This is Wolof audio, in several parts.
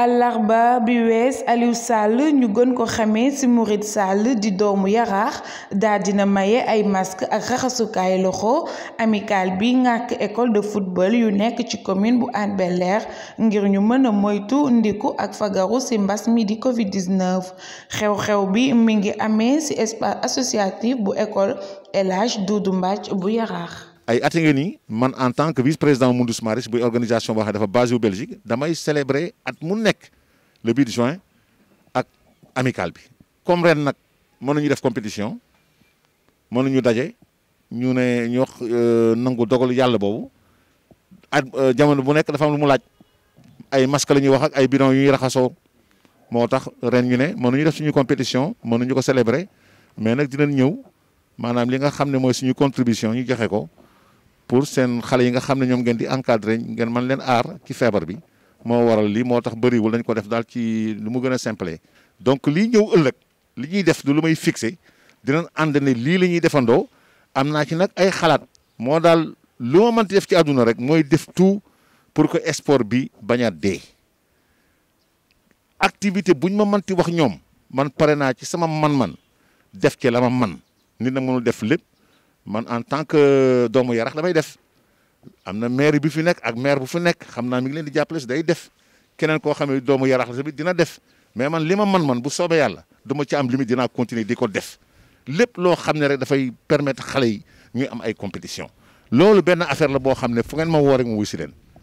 Alarba bi wees Aliou Sall ñu gën ko xamee ci Mourid Sall di doomu maye ay masque ak loxo amical bi école de football Yunek, nekk ci commune bu Hann air ngir ñu moytu ndiku Covid-19 xew-xew bi mi ngi espace associatif bu école El Doudou bu ay ati nga man en tant que vice président Mundus Maris bu organisation boo xam dafa basé au Belgique damay célébrer at mu nek le 8 juin ak amical bi comme ren nag ñu def compétition mënuñu daje ñu ne ñu wax euh, nangu dogal yalla bobu at euh, jamono bu nek dafa am lu mu laaj ay masque la wax ak ay bidon yu raxaso motax ren ñu ne ñu def suñu compétition ñu ko célébrer mais nak dinañ ñëw manam li nga xamné moy suñu contribution ñu joxé ko. pour sen xalé yi nga xamné ñom ñoom ngeen di encadrer ngeen man leen ar ci fièvre bi mo waral li moo tax wul dañ ko def dal ci lu mu gëna simple donc li ñëw ëlëk li ñi def du lu may fixé dinañ ànd li lii la ñuy defandoo am ci nak ay xalaat mo dal lu ma man def ci aduna rek moy def tout pour que sport bi baña dé activité buñ ma ti wax ñom man pare na ci sama man-man def ci lama man nit na mënul def lepp man en tant que doomu yarax damay def am na maire bu fi nekk ak maire bu fu nekk xam naa mi ngi leen di jàppale si day def keneen koo xam ne doomu yarax la tamit dina def mais man li ma man man bu soobee yàlla du ma ci am limite dinaa continuer di ko def lépp loo xam ne rek dafay permettre xale yi ñuy am ay compétition loolu benn affaire la boo xam ne foo ngeen ma woo rek ma wuy si leen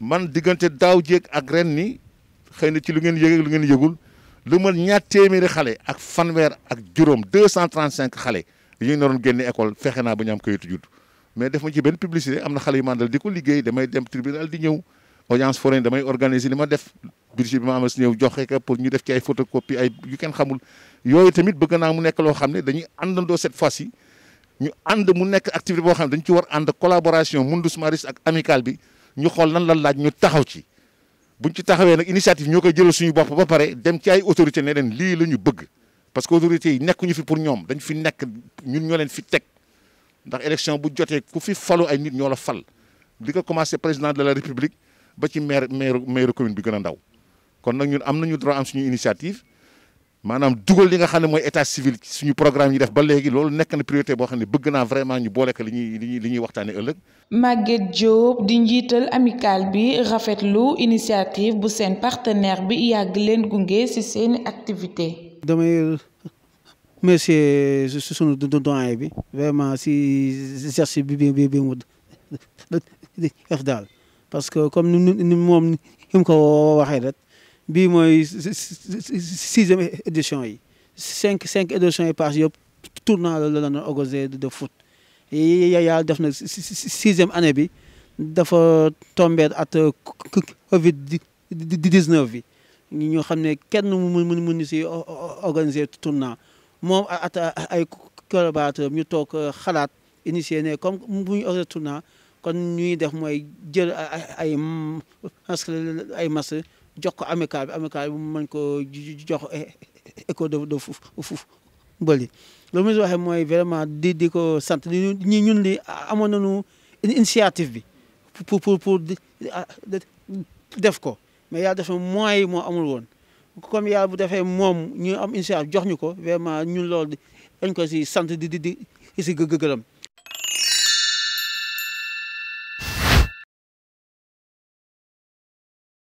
man diggante daaw jéeg ak ren ni xëy na ci lu ngeen yëg lu ngeen yëgul lu man ñaar téeméeri xale ak fanweer ak juróom deux cent trente cinq xale yi ñu naroon génne école fexe naa ba ñu am kayitu judd mais def ma ci benn publicité am na xale yu mandal di ko liggéey damay dem tribunal di ñëw audience foraine damay ma def budget bi ma amal si ñëw joxe ko pour ñu def ci ay photocopie ay yu kenn xamul yooyu tamit bëgg naa mu nekk loo xam ne dañuy àndandoo cette fois yi ñu ànd mu nekk activité boo xam ne dañu ci war ànd collaboration Mundus Maris ak amicale bi ñu xol nan la laaj ñu taxaw ci buñ ci taxawé nak initiative ñokay koy suñu bop ba paré dem ci ay autorité né leen li lañu bëgg parce que autorités yi nekkuñu fi pour ñom dañ fi nekk ñun ñoo leen fi tek ndax élection bu joté ku fi falu ay nit ñoo la fal li ko commencé président de la république ba ci maire maire maire commune bi gëna ndaw kon nak ñun am nañu droit am suñu initiative manam dougal li nga xam moy état civil suñu programme yi def ba légui loolu nek na priorité bo xam bëgg na vraiment ñu boole ko li ñuy li ñuy li ñuy Maguette Diop di njital amical bi rafetlu initiative bu seen partenaire bi yag leen gungé ci seen activité damay remercier suñu doyen bi vraiment si exercice bi bi bi mu def daal parce que comme ni mom ni ko waxé rek. bii mooy sixième édition yi cinq cinq éditions yi passées yëpp tournoi la la doon organisé de foot yàlla def na sixième année bi dafa tombé at euh, Covid dix neuf bi ñu xam ne kenn mu mun mun si organiser tournoi moom at ay collaborateurs ñu toog euh, xalaat initie ne comme bu ñu organiser tournoi kon ñuy def mooy jël ay mm, ay masques jox ko amical bi amical bi mën ko jox e-, école de de fuf mbëli loolu mu waxee mooy vraiment di di ko sant di ñu ñun li amoon nañu initiative bi pour pour pour ah, def ko mais yàlla def na yi moo amul woon comme yàlla bu defee moom ñu am initiative jox ñu ko vraiment ñun loolu dañ ko si sant di di di si gëgëram